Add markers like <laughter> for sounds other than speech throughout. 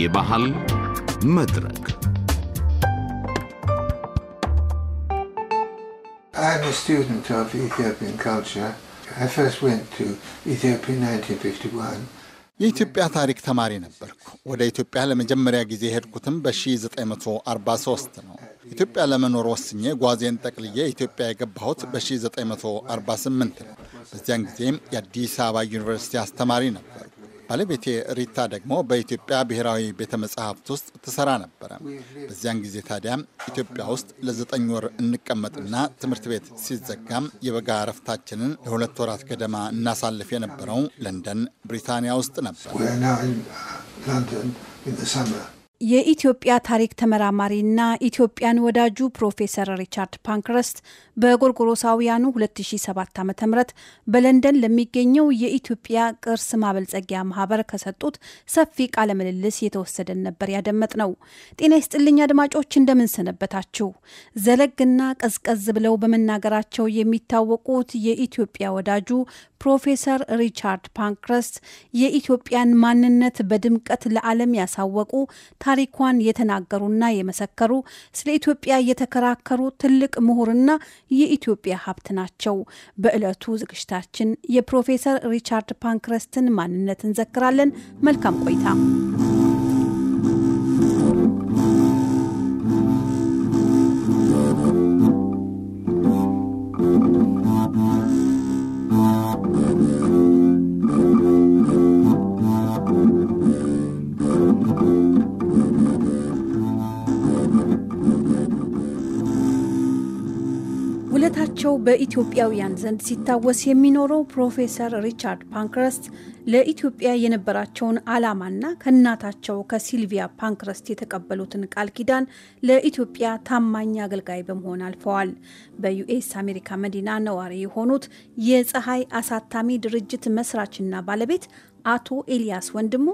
የባህል መድረክ የኢትዮጵያ ታሪክ ተማሪ ነበርኩ። ወደ ኢትዮጵያ ለመጀመሪያ ጊዜ የሄድኩትም በ1943 ነው። ኢትዮጵያ ለመኖር ወስኜ ጓዜን ጠቅልዬ ኢትዮጵያ የገባሁት በ1948 ነው። በዚያን ጊዜም የአዲስ አበባ ዩኒቨርሲቲ አስተማሪ ነበር ባለቤቴ ሪታ ደግሞ በኢትዮጵያ ብሔራዊ ቤተ መጽሐፍት ውስጥ ትሰራ ነበረ። በዚያን ጊዜ ታዲያ ኢትዮጵያ ውስጥ ለዘጠኝ ወር እንቀመጥና ትምህርት ቤት ሲዘጋም የበጋ እረፍታችንን ለሁለት ወራት ገደማ እናሳልፍ የነበረው ለንደን ብሪታንያ ውስጥ ነበር። የኢትዮጵያ ታሪክ ተመራማሪና ኢትዮጵያን ወዳጁ ፕሮፌሰር ሪቻርድ ፓንክረስት በጎርጎሮሳውያኑ 2007 ዓ ም በለንደን ለሚገኘው የኢትዮጵያ ቅርስ ማበልጸጊያ ማህበር ከሰጡት ሰፊ ቃለ ምልልስ የተወሰደን ነበር ያደመጥ ነው። ጤና ይስጥልኝ አድማጮች፣ እንደምንሰነበታችሁ። ዘለግና ቀዝቀዝ ብለው በመናገራቸው የሚታወቁት የኢትዮጵያ ወዳጁ ፕሮፌሰር ሪቻርድ ፓንክረስት የኢትዮጵያን ማንነት በድምቀት ለዓለም ያሳወቁ ታሪኳን የተናገሩና የመሰከሩ ስለ ኢትዮጵያ የተከራከሩ ትልቅ ምሁርና የኢትዮጵያ ሀብት ናቸው። በዕለቱ ዝግጅታችን የፕሮፌሰር ሪቻርድ ፓንክረስትን ማንነት እንዘክራለን። መልካም ቆይታ። ስማቸው በኢትዮጵያውያን ዘንድ ሲታወስ የሚኖረው ፕሮፌሰር ሪቻርድ ፓንክረስት ለኢትዮጵያ የነበራቸውን ዓላማና ከእናታቸው ከሲልቪያ ፓንክረስት የተቀበሉትን ቃል ኪዳን ለኢትዮጵያ ታማኝ አገልጋይ በመሆን አልፈዋል። በዩኤስ አሜሪካ መዲና ነዋሪ የሆኑት የፀሐይ አሳታሚ ድርጅት መስራችና ባለቤት አቶ ኤልያስ ወንድሙ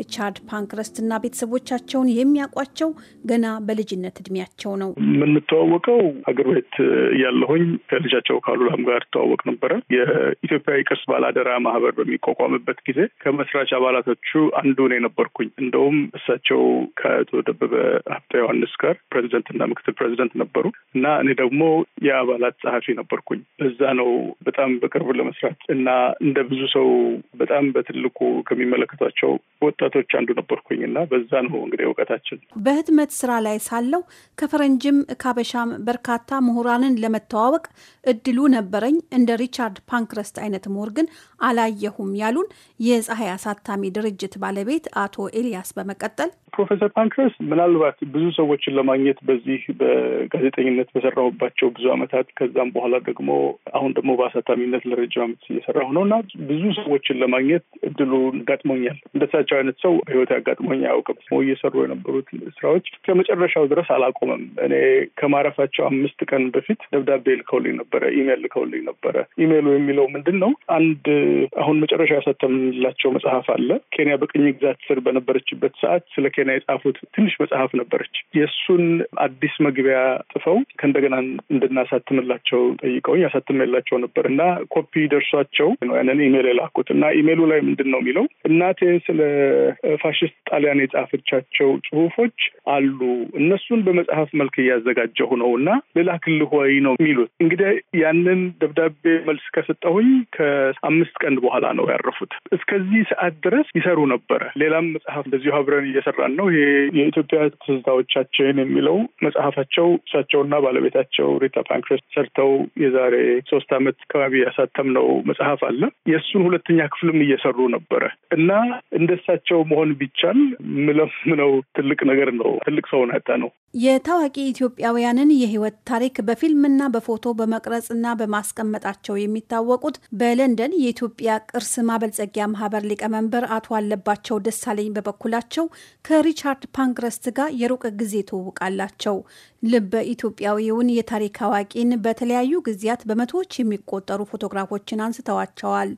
ሪቻርድ ፓንክረስትና ቤተሰቦቻቸውን የሚያውቋቸው ገና በልጅነት እድሜያቸው ነው። የምንተዋወቀው ሀገር ቤት እያለሁኝ ከልጃቸው ካሉላም ጋር ተዋወቅ ነበረ። የኢትዮጵያዊ ቅርስ ባላደራ ማህበር በሚቋቋምበት ጊዜ ከመስራች አባላቶቹ አንዱ ነው የነበርኩኝ። እንደውም እሳቸው ከአቶ ደበበ ሀብተ ዮሐንስ ጋር ፕሬዚደንትና ምክትል ፕሬዚደንት ነበሩ እና እኔ ደግሞ የአባላት ጸሐፊ ነበርኩኝ። በዛ ነው በጣም በቅርብ ለመስራት እና እንደ ብዙ ሰው በጣም በትልቁ ሲመረቁ ከሚመለከቷቸው ወጣቶች አንዱ ነበርኩኝ እና በዛ ነው እንግዲህ እውቀታችን በህትመት ስራ ላይ ሳለው ከፈረንጅም ካበሻም በርካታ ምሁራንን ለመተዋወቅ እድሉ ነበረኝ። እንደ ሪቻርድ ፓንክረስት አይነት ምሁር ግን አላየሁም ያሉን የፀሐይ አሳታሚ ድርጅት ባለቤት አቶ ኤልያስ በመቀጠል ፕሮፌሰር ፓንክረስት ምናልባት ብዙ ሰዎችን ለማግኘት በዚህ በጋዜጠኝነት በሰራሁባቸው ብዙ ዓመታት ከዛም በኋላ ደግሞ አሁን ደግሞ በአሳታሚነት ለረጅም ዓመት እየሰራሁ ነው እና ብዙ ሰዎችን ለማግኘት እድሉን ገጥሞኛል። እንደሳቸው አይነት ሰው ህይወት ያጋጥሞኝ አያውቅም። እየሰሩ የነበሩት ስራዎች ከመጨረሻው ድረስ አላቆመም። እኔ ከማረፋቸው አምስት ቀን በፊት ደብዳቤ ልከውልኝ ነበረ፣ ኢሜል ልከውልኝ ነበረ። ኢሜሉ የሚለው ምንድን ነው? አንድ አሁን መጨረሻ ያሳተምላቸው መጽሐፍ አለ። ኬንያ በቅኝ ግዛት ስር በነበረችበት ሰዓት ስለ ኬንያ የጻፉት ትንሽ መጽሐፍ ነበረች። የእሱን አዲስ መግቢያ ጽፈው ከእንደገና እንድናሳትምላቸው ጠይቀውኝ አሳትሜላቸው ነበር እና ኮፒ ደርሷቸው ያንን ኢሜል የላኩት እና ኢሜሉ ላይ ምንድን ነው የሚለው። እናቴ ስለ ፋሽስት ጣሊያን የጻፈቻቸው ጽሁፎች አሉ። እነሱን በመጽሐፍ መልክ እያዘጋጀሁ ነው እና ልላክልህ ወይ ነው የሚሉት። እንግዲህ ያንን ደብዳቤ መልስ ከሰጠሁኝ ከአምስት ቀን በኋላ ነው ያረፉት። እስከዚህ ሰዓት ድረስ ይሰሩ ነበረ። ሌላም መጽሐፍ እንደዚሁ አብረን እየሰራን ነው። ይሄ የኢትዮጵያ ትዝታዎቻችን የሚለው መጽሐፋቸው እሳቸውና ባለቤታቸው ሪታ ፓንክረስት ሰርተው የዛሬ ሶስት ዓመት አካባቢ ያሳተምነው መጽሐፍ አለ። የእሱን ሁለተኛ ክፍልም እየሰሩ ነበር ነበረ እና እንደሳቸው መሆን ቢቻል ምለምነው ትልቅ ነገር ነው። ትልቅ ሰውን ያጣ ነው። የታዋቂ ኢትዮጵያውያንን የህይወት ታሪክ በፊልምና በፎቶ በመቅረጽና በማስቀመጣቸው የሚታወቁት በለንደን የኢትዮጵያ ቅርስ ማበልጸጊያ ማህበር ሊቀመንበር አቶ አለባቸው ደሳለኝ በበኩላቸው ከሪቻርድ ፓንክረስት ጋር የሩቅ ጊዜ ትውቃላቸው። ልበ ኢትዮጵያዊውን የታሪክ አዋቂን በተለያዩ ጊዜያት በመቶዎች የሚቆጠሩ ፎቶግራፎችን አንስተዋቸዋል።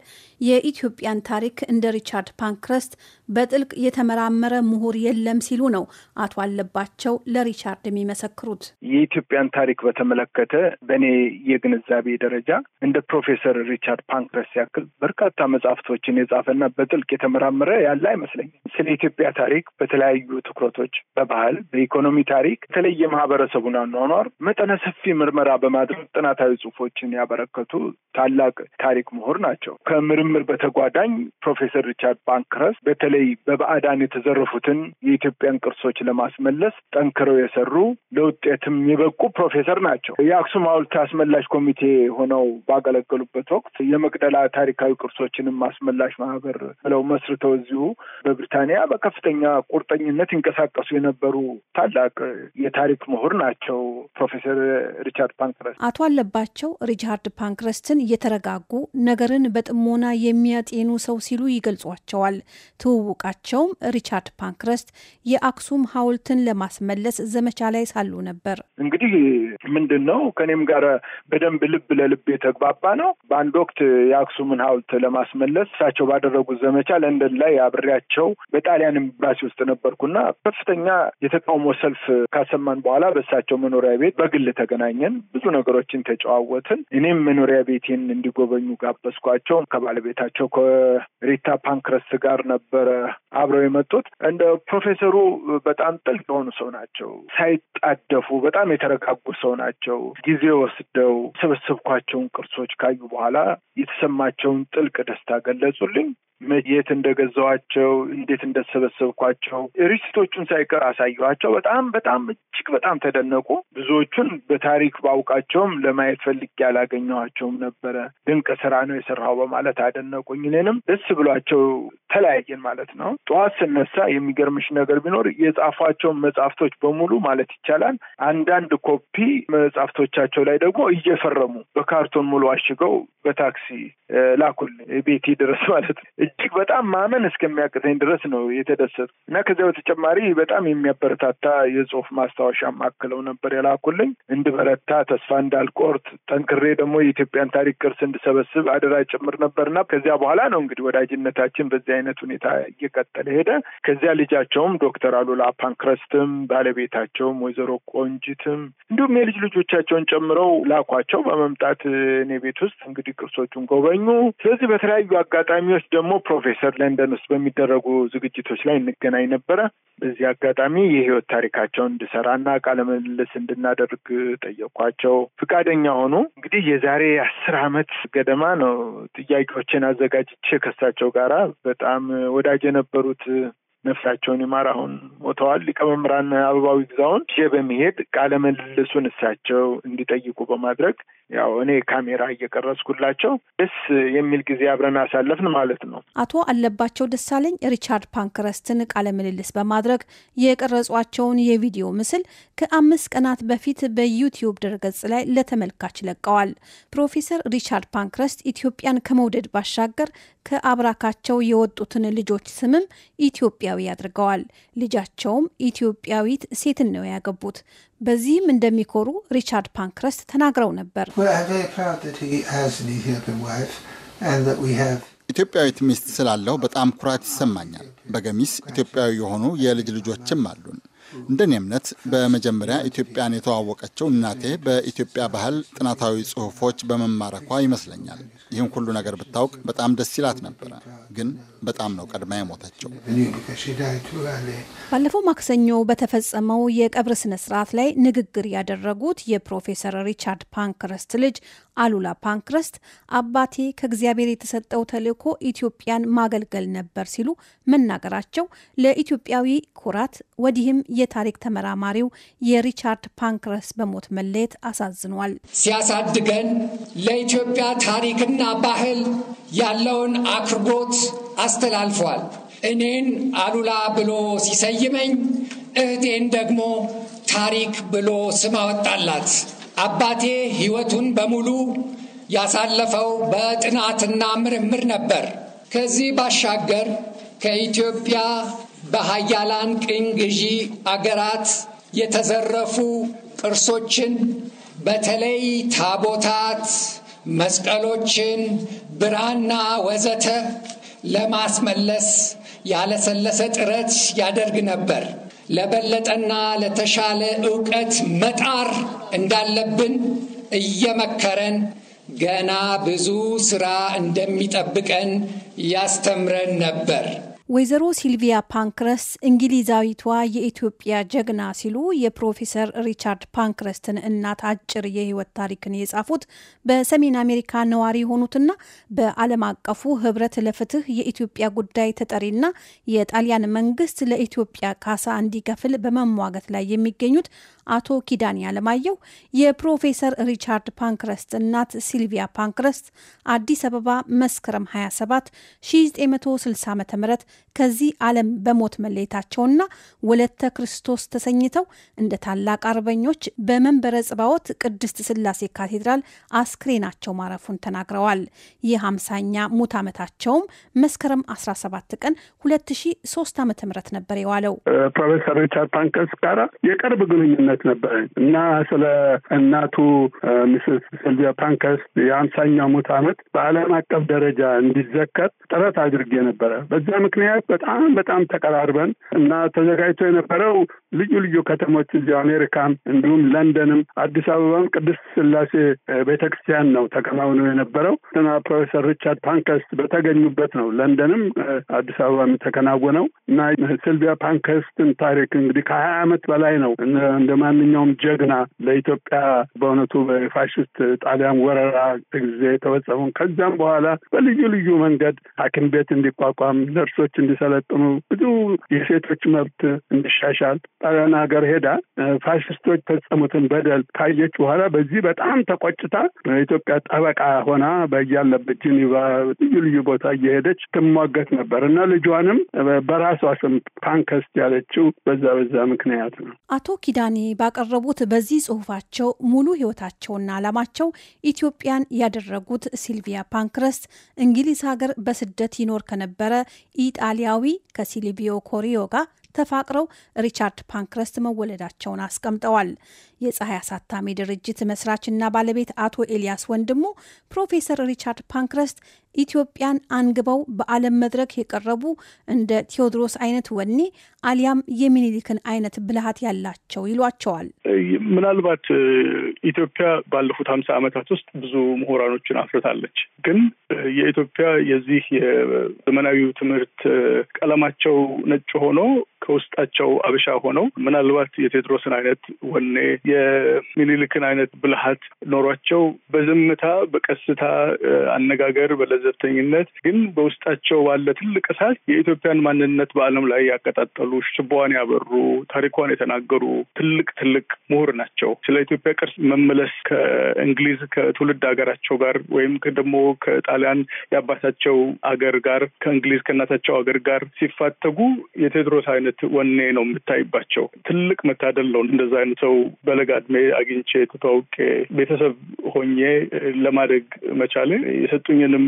የኢትዮጵያን ታሪክ እንደ ሪቻርድ ፓንክረስት በጥልቅ የተመራመረ ምሁር የለም ሲሉ ነው አቶ አለባቸው ለሪቻርድ የሚመሰክሩት። የኢትዮጵያን ታሪክ በተመለከተ በእኔ የግንዛቤ ደረጃ እንደ ፕሮፌሰር ሪቻርድ ፓንክረስት ያክል በርካታ መጽሐፍቶችን የጻፈና በጥልቅ የተመራመረ ያለ አይመስለኝም። ስለ ኢትዮጵያ ታሪክ በተለያዩ ትኩረቶች፣ በባህል፣ በኢኮኖሚ ታሪክ የተለየ ማህበረሰቡን አኗኗር መጠነ ሰፊ ምርመራ በማድረግ ጥናታዊ ጽሁፎችን ያበረከቱ ታላቅ ታሪክ ምሁር ናቸው። ከምርምር በተጓዳኝ ፕሮፌ ፕሮፌሰር ሪቻርድ ፓንክረስ በተለይ በባዕዳን የተዘረፉትን የኢትዮጵያን ቅርሶች ለማስመለስ ጠንክረው የሰሩ ለውጤትም የበቁ ፕሮፌሰር ናቸው። የአክሱም ሐውልት አስመላሽ ኮሚቴ ሆነው ባገለገሉበት ወቅት የመቅደላ ታሪካዊ ቅርሶችንም አስመላሽ ማህበር ብለው መስርተው እዚሁ በብሪታንያ በከፍተኛ ቁርጠኝነት ይንቀሳቀሱ የነበሩ ታላቅ የታሪክ ምሁር ናቸው ፕሮፌሰር ሪቻርድ ፓንክረስ አቶ አለባቸው ሪቻርድ ፓንክረስትን እየተረጋጉ ነገርን በጥሞና የሚያጤኑ ሰው ሲሉ ይገልጿቸዋል። ትውውቃቸውም ሪቻርድ ፓንክረስት የአክሱም ሐውልትን ለማስመለስ ዘመቻ ላይ ሳሉ ነበር። እንግዲህ ምንድን ነው ከኔም ጋር በደንብ ልብ ለልብ የተግባባ ነው። በአንድ ወቅት የአክሱምን ሐውልት ለማስመለስ እሳቸው ባደረጉት ዘመቻ ለንደን ላይ አብሬያቸው በጣሊያን ኤምባሲ ውስጥ ነበርኩና ከፍተኛ የተቃውሞ ሰልፍ ካሰማን በኋላ በእሳቸው መኖሪያ ቤት በግል ተገናኘን። ብዙ ነገሮችን ተጨዋወትን። እኔም መኖሪያ ቤቴን እንዲጎበኙ ጋበዝኳቸው ከባለቤታቸው ከሪ ቤታ ፓንክረስ ጋር ነበረ አብረው የመጡት። እንደ ፕሮፌሰሩ በጣም ጥልቅ የሆኑ ሰው ናቸው። ሳይጣደፉ በጣም የተረጋጉ ሰው ናቸው። ጊዜ ወስደው ሰበሰብኳቸውን ቅርሶች ካዩ በኋላ የተሰማቸውን ጥልቅ ደስታ ገለጹልኝ። የት እንደገዛዋቸው፣ እንዴት እንደሰበሰብኳቸው ሪስቶቹን ሳይቀር አሳየኋቸው። በጣም በጣም እጅግ በጣም ተደነቁ። ብዙዎቹን በታሪክ ባውቃቸውም ለማየት ፈልጌ ያላገኘኋቸውም ነበረ። ድንቅ ስራ ነው የሰራው በማለት አደነቁኝ። እኔንም ደስ ብሏቸው ተለያየን ማለት ነው። ጠዋት ስነሳ የሚገርምሽ ነገር ቢኖር የጻፏቸውን መጽሐፍቶች በሙሉ ማለት ይቻላል አንዳንድ ኮፒ መጽሐፍቶቻቸው ላይ ደግሞ እየፈረሙ በካርቶን ሙሉ አሽገው በታክሲ ላኩልኝ ቤቴ ድረስ <laughs> ማለት ነው። እጅግ በጣም ማመን እስከሚያቅተኝ ድረስ ነው የተደሰት እና ከዚያ በተጨማሪ በጣም የሚያበረታታ የጽሁፍ ማስታወሻ አክለው ነበር የላኩልኝ። እንድበረታ ተስፋ እንዳልቆርት ጠንክሬ ደግሞ የኢትዮጵያን ታሪክ ቅርስ እንድሰበስብ አደራ ጭምር ነበርና ከዚያ በኋላ ነው እንግዲህ ወዳጅነታችን በዚያ አይነት ሁኔታ እየቀጠለ ሄደ። ከዚያ ልጃቸውም ዶክተር አሉላ ፓንክረስትም ባለቤታቸውም ወይዘሮ ቆንጅትም እንዲሁም የልጅ ልጆቻቸውን ጨምረው ላኳቸው። በመምጣት እኔ ቤት ውስጥ እንግዲህ ቅርሶቹን ጎበኙ። ስለዚህ በተለያዩ አጋጣሚዎች ደግሞ ፕሮፌሰር ለንደን ውስጥ በሚደረጉ ዝግጅቶች ላይ እንገናኝ ነበረ። በዚህ አጋጣሚ የህይወት ታሪካቸውን እንድሰራና ቃለ ምልልስ እንድናደርግ ጠየኳቸው። ፍቃደኛ ሆኑ። እንግዲህ የዛሬ አስር አመት ገደማ ነው ጥያቄዎችን አዘጋጅቼ ከሳቸው ጋራ በጣም በጣም ወዳጅ የነበሩት ነፍሳቸውን ይማር አሁን ሞተዋል። ሊቀመምህራን አበባው ይግዛውን ሼ በመሄድ ቃለ እሳቸው እንዲጠይቁ በማድረግ ያው እኔ ካሜራ እየቀረጽኩላቸው ደስ የሚል ጊዜ አብረን አሳለፍን ማለት ነው። አቶ አለባቸው ደሳለኝ ሪቻርድ ፓንክረስትን ቃለ ምልልስ በማድረግ የቀረጿቸውን የቪዲዮ ምስል ከአምስት ቀናት በፊት በዩቲዩብ ድረገጽ ላይ ለተመልካች ለቀዋል። ፕሮፌሰር ሪቻርድ ፓንክረስት ኢትዮጵያን ከመውደድ ባሻገር ከአብራካቸው የወጡትን ልጆች ስምም ኢትዮጵያዊ አድርገዋል። ልጃቸውም ኢትዮጵያዊት ሴትን ነው ያገቡት። በዚህም እንደሚኮሩ ሪቻርድ ፓንክረስት ተናግረው ነበር። ኢትዮጵያዊት ሚስት ስላለው በጣም ኩራት ይሰማኛል። በገሚስ ኢትዮጵያዊ የሆኑ የልጅ ልጆችም አሉን። እንደኔ እምነት በመጀመሪያ ኢትዮጵያን የተዋወቀችው እናቴ በኢትዮጵያ ባህል ጥናታዊ ጽሑፎች በመማረኳ ይመስለኛል። ይህን ሁሉ ነገር ብታውቅ በጣም ደስ ይላት ነበረ ግን በጣም ነው ቀድማ የሞተችው። ባለፈው ማክሰኞ በተፈጸመው የቀብር ስነ ስርዓት ላይ ንግግር ያደረጉት የፕሮፌሰር ሪቻርድ ፓንክረስት ልጅ አሉላ ፓንክረስት አባቴ ከእግዚአብሔር የተሰጠው ተልእኮ ኢትዮጵያን ማገልገል ነበር ሲሉ መናገራቸው ለኢትዮጵያዊ ኩራት፣ ወዲህም የታሪክ ተመራማሪው የሪቻርድ ፓንክረስት በሞት መለየት አሳዝኗል። ሲያሳድገን ለኢትዮጵያ ታሪክና ባህል ያለውን አክርቦት አስተላልፏል። እኔን አሉላ ብሎ ሲሰይመኝ እህቴን ደግሞ ታሪክ ብሎ ስም አወጣላት። አባቴ ሕይወቱን በሙሉ ያሳለፈው በጥናትና ምርምር ነበር። ከዚህ ባሻገር ከኢትዮጵያ በሀያላን ቅኝ ገዢ አገራት የተዘረፉ ቅርሶችን በተለይ ታቦታት፣ መስቀሎችን፣ ብራና ወዘተ ለማስመለስ ያለሰለሰ ጥረት ያደርግ ነበር። ለበለጠና ለተሻለ እውቀት መጣር እንዳለብን እየመከረን ገና ብዙ ሥራ እንደሚጠብቀን ያስተምረን ነበር። ወይዘሮ ሲልቪያ ፓንክረስት እንግሊዛዊቷ የኢትዮጵያ ጀግና ሲሉ የፕሮፌሰር ሪቻርድ ፓንክረስትን እናት አጭር የህይወት ታሪክን የጻፉት በሰሜን አሜሪካ ነዋሪ የሆኑትና በዓለም አቀፉ ህብረት ለፍትህ የኢትዮጵያ ጉዳይ ተጠሪና የጣሊያን መንግስት ለኢትዮጵያ ካሳ እንዲከፍል በመሟገት ላይ የሚገኙት አቶ ኪዳኔ አለማየሁ የፕሮፌሰር ሪቻርድ ፓንክረስት እናት ሲልቪያ ፓንክረስት አዲስ አበባ መስከረም 27 1960 ዓ ም ከዚህ ዓለም በሞት መለየታቸውና ወለተ ክርስቶስ ተሰኝተው እንደ ታላቅ አርበኞች በመንበረ ጽባዖት ቅድስት ስላሴ ካቴድራል አስክሬናቸው ማረፉን ተናግረዋል ይህ 50 ሙት ዓመታቸውም መስከረም 17 ቀን 2003 ዓ ም ነበር የዋለው። ፕሮፌሰር ሪቻርድ ፓንክረስት ጋር የቅርብ ግንኙነት ግንኙነት ነበረኝ እና ስለ እናቱ ሚስስ ሲልቪያ ፓንከስት የአምሳኛው ሙት ዓመት በዓለም አቀፍ ደረጃ እንዲዘከር ጥረት አድርጌ ነበረ። በዛ ምክንያት በጣም በጣም ተቀራርበን እና ተዘጋጅቶ የነበረው ልዩ ልዩ ከተሞች እዚ አሜሪካም፣ እንዲሁም ለንደንም፣ አዲስ አበባም ቅድስት ስላሴ ቤተ ክርስቲያን ነው ተከናውኖ የነበረው እና ፕሮፌሰር ሪቻርድ ፓንከስት በተገኙበት ነው ለንደንም አዲስ አበባም የተከናወነው እና ሲልቪያ ፓንከስትን ታሪክ እንግዲህ ከሀያ ዓመት በላይ ነው እንደ ማንኛውም ጀግና ለኢትዮጵያ በእውነቱ በፋሽስት ጣሊያን ወረራ ጊዜ የተፈጸመውን ከዚያም በኋላ በልዩ ልዩ መንገድ ሐኪም ቤት እንዲቋቋም፣ ነርሶች እንዲሰለጥኑ፣ ብዙ የሴቶች መብት እንዲሻሻል ጣሊያን ሀገር ሄዳ ፋሽስቶች ፈጸሙትን በደል ካየች በኋላ በዚህ በጣም ተቆጭታ በኢትዮጵያ ጠበቃ ሆና በያለበት ጂኒቫ ልዩ ልዩ ቦታ እየሄደች ትሟገት ነበር እና ልጇንም በራሷ ስም ፓንከስት ያለችው በዛ በዛ ምክንያት ነው። አቶ ኪዳኔ ባቀረቡት በዚህ ጽሁፋቸው ሙሉ ህይወታቸውና አላማቸው ኢትዮጵያን ያደረጉት ሲልቪያ ፓንክረስት እንግሊዝ ሀገር በስደት ይኖር ከነበረ ኢጣሊያዊ ከሲልቪዮ ኮሪዮ ጋር ተፋቅረው ሪቻርድ ፓንክረስት መወለዳቸውን አስቀምጠዋል። የፀሐይ አሳታሚ ድርጅት መስራችና ባለቤት አቶ ኤልያስ ወንድሙ ፕሮፌሰር ሪቻርድ ፓንክረስት ኢትዮጵያን አንግበው በዓለም መድረክ የቀረቡ እንደ ቴዎድሮስ አይነት ወኔ አሊያም የሚኒሊክን አይነት ብልሃት ያላቸው ይሏቸዋል። ምናልባት ኢትዮጵያ ባለፉት ሀምሳ ዓመታት ውስጥ ብዙ ምሁራኖችን አፍርታለች። ግን የኢትዮጵያ የዚህ የዘመናዊው ትምህርት ቀለማቸው ነጭ ሆኖ ከውስጣቸው አበሻ ሆነው ምናልባት የቴድሮስን አይነት ወኔ የሚኒልክን አይነት ብልሃት ኖሯቸው በዝምታ በቀስታ አነጋገር በለዘብተኝነት ግን በውስጣቸው ባለ ትልቅ እሳት የኢትዮጵያን ማንነት በዓለም ላይ ያቀጣጠሉ ሽቧን ያበሩ ታሪኳን የተናገሩ ትልቅ ትልቅ ምሁር ናቸው። ስለ ኢትዮጵያ ቅርስ መመለስ ከእንግሊዝ ከትውልድ ሀገራቸው ጋር ወይም ደግሞ ከጣሊያን የአባታቸው አገር ጋር ከእንግሊዝ ከእናታቸው አገር ጋር ሲፋተጉ የቴድሮስ አይነት አይነት ወኔ ነው የምታይባቸው። ትልቅ መታደል ነው እንደዛ አይነት ሰው በለጋ እድሜ አግኝቼ ተተዋውቄ ቤተሰብ ሆኜ ለማደግ መቻሌ የሰጡኝንም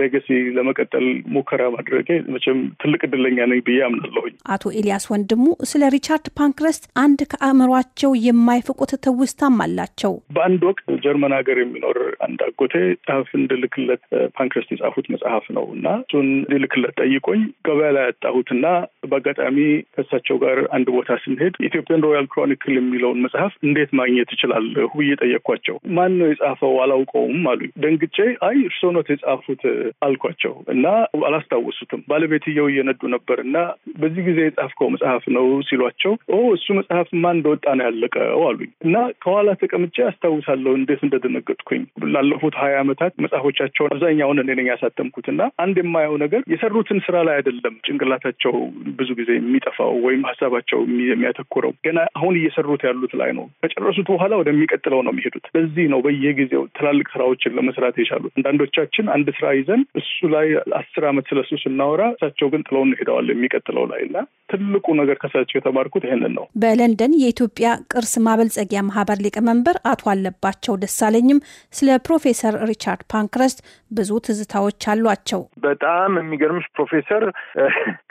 ሌገሲ ለመቀጠል ሙከራ ማድረጌ መቼም ትልቅ እድለኛ ነኝ ብዬ አምናለሁኝ። አቶ ኤልያስ ወንድሙ ስለ ሪቻርድ ፓንክረስት አንድ ከአእምሯቸው የማይፍቁት ትውስታም አላቸው። በአንድ ወቅት ጀርመን ሀገር የሚኖር አንድ አጎቴ መጽሐፍ እንድልክለት ፓንክረስት የጻፉት መጽሐፍ ነው እና እሱን እንድልክለት ጠይቆኝ ገበያ ላይ ያጣሁትና በአጋጣሚ ከእሳቸው ጋር አንድ ቦታ ስንሄድ ኢትዮጵያን ሮያል ክሮኒክል የሚለውን መጽሐፍ እንዴት ማግኘት እችላለሁ ብዬ ጠየቅኳቸው። ማን ነው የጻፈው አላውቀውም አሉ። ደንግጬ አይ እርስዎ ኖት የጻፉት አልኳቸው እና አላስታወሱትም። ባለቤትየው እየነዱ ነበር እና በዚህ ጊዜ የጻፍከው መጽሐፍ ነው ሲሏቸው ኦ እሱ መጽሐፍማ እንደወጣ ነው ያለቀው አሉኝ እና ከኋላ ተቀምጬ አስታውሳለሁ እንዴት እንደደነገጥኩኝ። ላለፉት ሀያ ዓመታት መጽሐፎቻቸውን አብዛኛውን እኔ ነኝ ያሳተምኩት እና አንድ የማየው ነገር የሰሩትን ስራ ላይ አይደለም ጭንቅላታቸው ብዙ ጊዜ የሚ የሚጠፋው ወይም ሀሳባቸው የሚያተኩረው ገና አሁን እየሰሩት ያሉት ላይ ነው። ከጨረሱት በኋላ ወደሚቀጥለው ነው የሚሄዱት። በዚህ ነው በየጊዜው ትላልቅ ስራዎችን ለመስራት የቻሉት። አንዳንዶቻችን አንድ ስራ ይዘን እሱ ላይ አስር አመት ስለሱ ስናወራ እሳቸው ግን ጥለውን ሄደዋል የሚቀጥለው ላይ እና ትልቁ ነገር ከሳቸው የተማርኩት ይህንን ነው። በለንደን የኢትዮጵያ ቅርስ ማበልጸጊያ ማህበር ሊቀመንበር አቶ አለባቸው ደሳለኝም ስለ ፕሮፌሰር ሪቻርድ ፓንክረስት ብዙ ትዝታዎች አሏቸው። በጣም የሚገርምሽ ፕሮፌሰር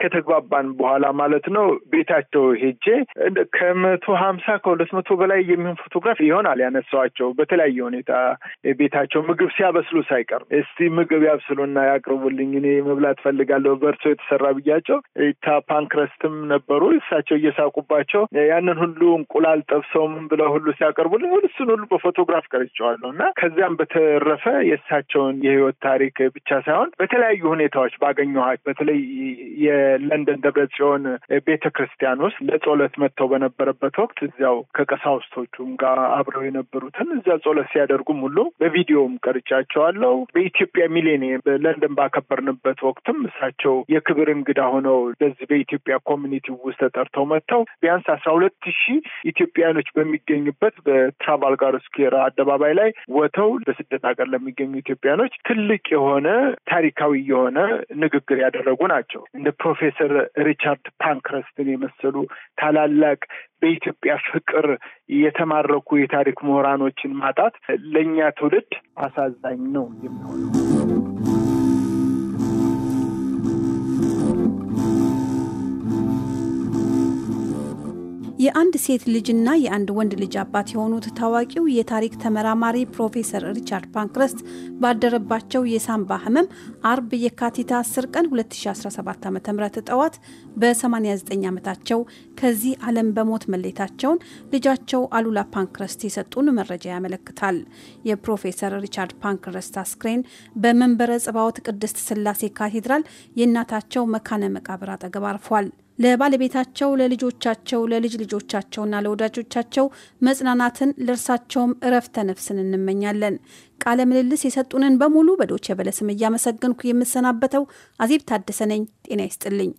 ከተግባባን በኋላ ማለት ማለት ነው ቤታቸው ሄጄ ከመቶ ሀምሳ ከሁለት መቶ በላይ የሚሆን ፎቶግራፍ ይሆናል ያነሳዋቸው በተለያየ ሁኔታ ቤታቸው ምግብ ሲያበስሉ ሳይቀር እስቲ ምግብ ያብስሉና ያቅርቡልኝ እኔ መብላት ፈልጋለሁ በእርሶ የተሰራ ብያቸው ፓንክረስትም ነበሩ እሳቸው እየሳቁባቸው ያንን ሁሉ እንቁላል ጠብሰውም ብለው ሁሉ ሲያቀርቡልኝ እሱን ሁሉ በፎቶግራፍ ቀርጬዋለሁ እና ከዚያም በተረፈ የእሳቸውን የህይወት ታሪክ ብቻ ሳይሆን በተለያዩ ሁኔታዎች ባገኘኋቸው በተለይ የለንደን ደብረ ጽዮን ቤተ ክርስቲያን ውስጥ ለጸሎት መጥተው በነበረበት ወቅት እዚያው ከቀሳውስቶቹም ጋር አብረው የነበሩትን እዚያ ጸሎት ሲያደርጉም ሁሉ በቪዲዮም ቀርጫቸዋለሁ። በኢትዮጵያ ሚሌኒየም በለንደን ባከበርንበት ወቅትም እሳቸው የክብር እንግዳ ሆነው በዚህ በኢትዮጵያ ኮሚኒቲ ውስጥ ተጠርተው መጥተው ቢያንስ አስራ ሁለት ሺህ ኢትዮጵያኖች በሚገኙበት ጋር ስኩዌር አደባባይ ላይ ወተው በስደት ሀገር ለሚገኙ ኢትዮጵያኖች ትልቅ የሆነ ታሪካዊ የሆነ ንግግር ያደረጉ ናቸው። እንደ ፕሮፌሰር ሪቻርድ ፓን ክረስትን የመሰሉ ታላላቅ በኢትዮጵያ ፍቅር የተማረኩ የታሪክ ምሁራኖችን ማጣት ለእኛ ትውልድ አሳዛኝ ነው የሚሆነው። የአንድ ሴት ልጅና የአንድ ወንድ ልጅ አባት የሆኑት ታዋቂው የታሪክ ተመራማሪ ፕሮፌሰር ሪቻርድ ፓንክረስት ባደረባቸው የሳምባ ህመም አርብ የካቲት 10 ቀን 2017 ዓ ም ጠዋት በ89 ዓመታቸው ከዚህ ዓለም በሞት መለየታቸውን ልጃቸው አሉላ ፓንክረስት የሰጡን መረጃ ያመለክታል። የፕሮፌሰር ሪቻርድ ፓንክረስት አስክሬን በመንበረ ጽባወት ቅድስት ስላሴ ካቴድራል የእናታቸው መካነ መቃብር አጠገብ አርፏል። ለባለቤታቸው፣ ለልጆቻቸው፣ ለልጅ ልጆቻቸውና ለወዳጆቻቸው መጽናናትን ለእርሳቸውም እረፍተ ነፍስን እንመኛለን። ቃለ ምልልስ የሰጡንን በሙሉ በዶቼ ቬለ ስም እያመሰገንኩ የምሰናበተው አዜብ ታደሰ ነኝ። ጤና ይስጥልኝ።